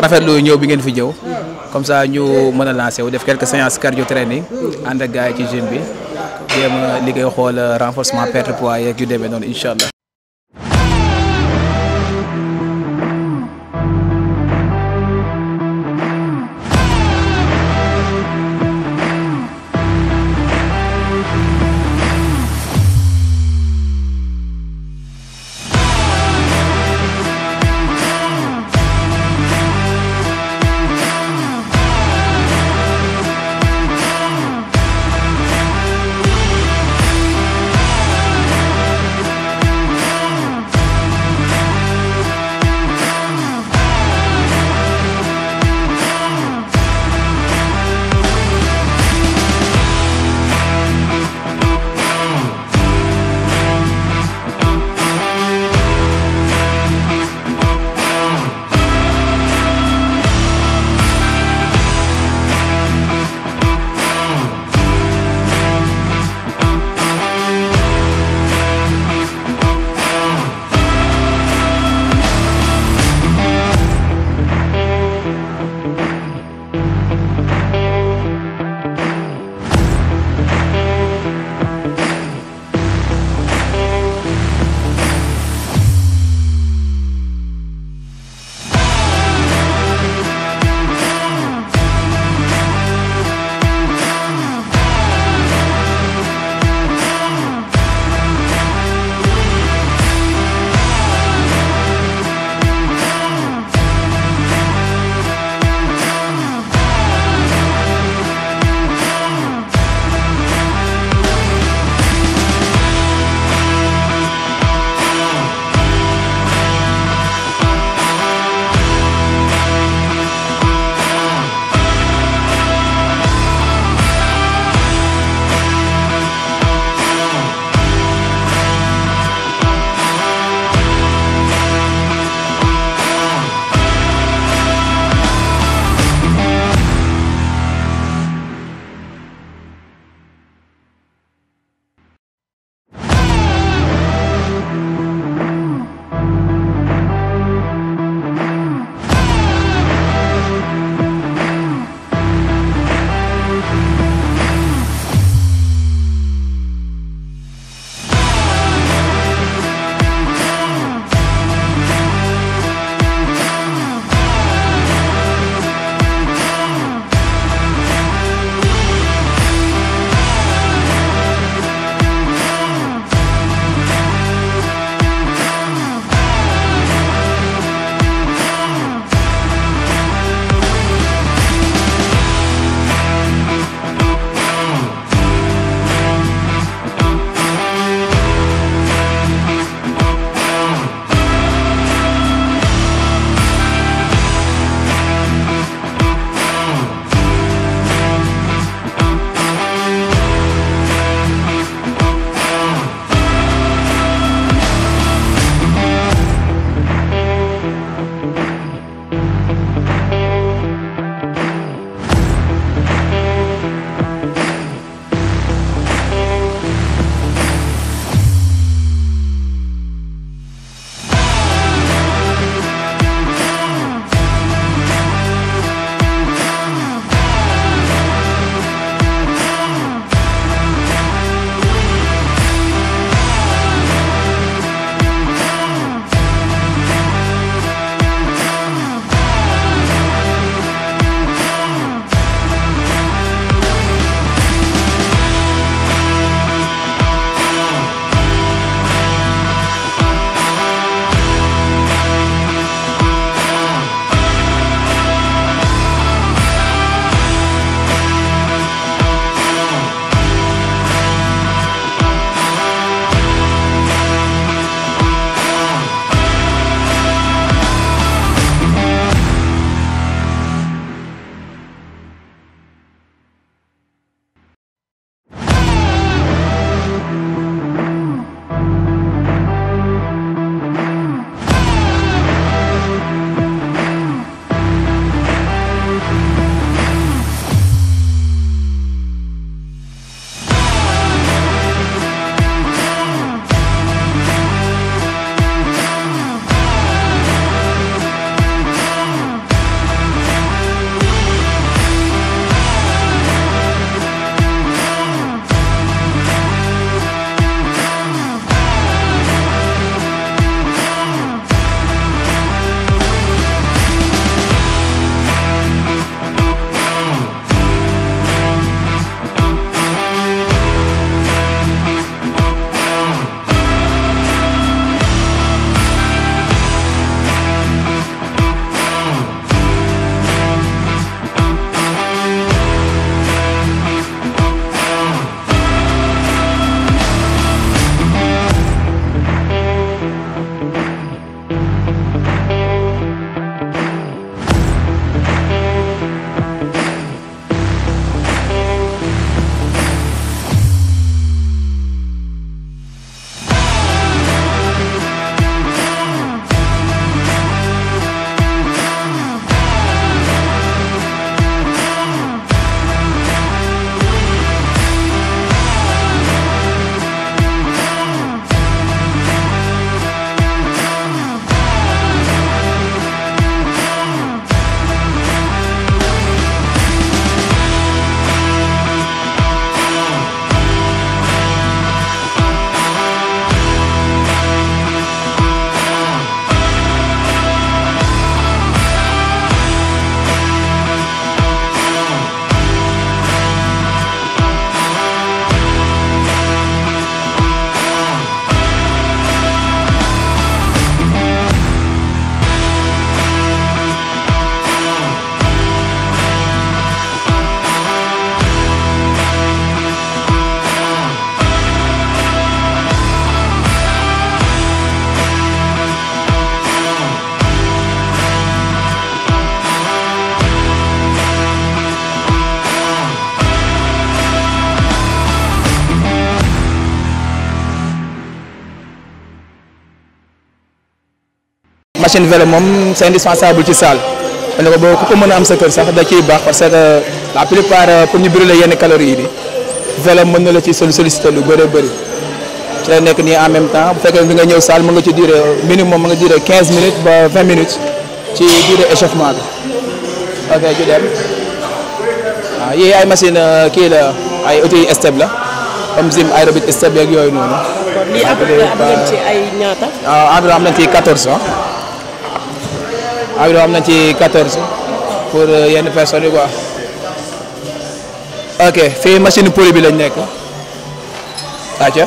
rafetlu ñëw bi ngeen fi jëw comme ça ñu mën a lancer wu def quelques séances cardio training ànd ak gars yi ci gym bi jéem a liggéey xool euh, renforcement perte poids yu demee noonu incha allah. machine vélo mom c'est indispensable ci salle ne ko boo ko meuna am sa keur sax da ci bax parce que la plupart euh, pour ñu brûler yenn calories yi vélo meuna la ci solliciter lu bëre bëri ci la nek ni en même temps bu fekkee bi nga ñew salle mën nga ci durer euh, minimum mën nga durer 15 minutes ba 20 minutes ci durer échauffement bi ok ci dem ah yii ay machine euh, ki la ay auto yi step la comme zim aérobic step yeeg yoy non ni am ci ay ñaata. Ah, environ am na ci 14 ans. Ah. environ am na ci quatorze pour euh, yenn personnes yi quoi. ok fii machine poli bi lañ nekk. atia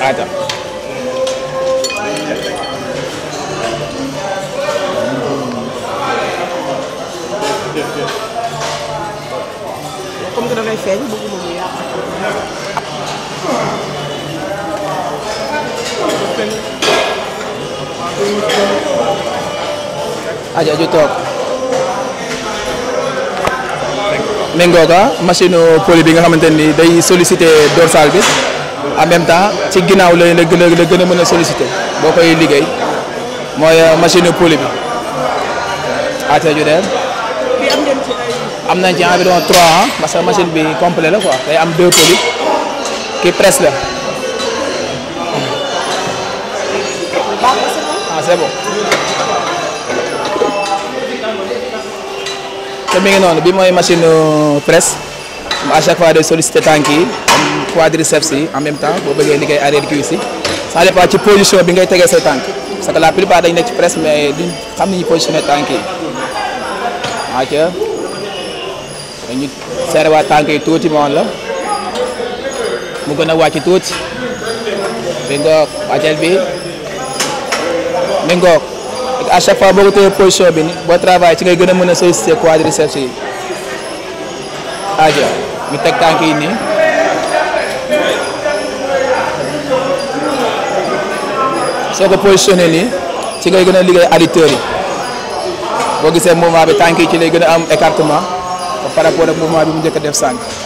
atia. aja ju toog méngooga ah, machine poli bi nga xamante ni day sollicité dorsal bi en même temps ci ginnaaw la la gën a la gën mën a sollicité boo koy liggéey mooy euh, machine poli bi aja ah, ju dem am nañ ci environ 3 ans ah, parce que machine bi complet la ko day am deux poli ki presse la ah te mi ngi noonu bi mooy machine presse à chaque fois day sollicité tànk yi am quadriceps si en même temps boo bëggee liggéey arrière cuisse yi ça dépend ci position bi ngay tegee sa tànk sa que la plupart dañ nekk ci presse mais duñ xam ni ñu positionné tànk yi waaw dañu serré waa tànk yi tuuti moom la mu gën a wàcc tuuti bi ngoog wàcceel bi mi ngoog à chaque fois boo ko téye position bi nii boo travail ci ngay gën a mën a solliciter quadriceps yi aja ñu teg tànk yi nii soo ko positionné nii ci ngay gën a liggéey adducteurs yi boo gisee mouvement bi tànki ci lay gën a am écartement par rapport ak bi mu njëkk def sànq.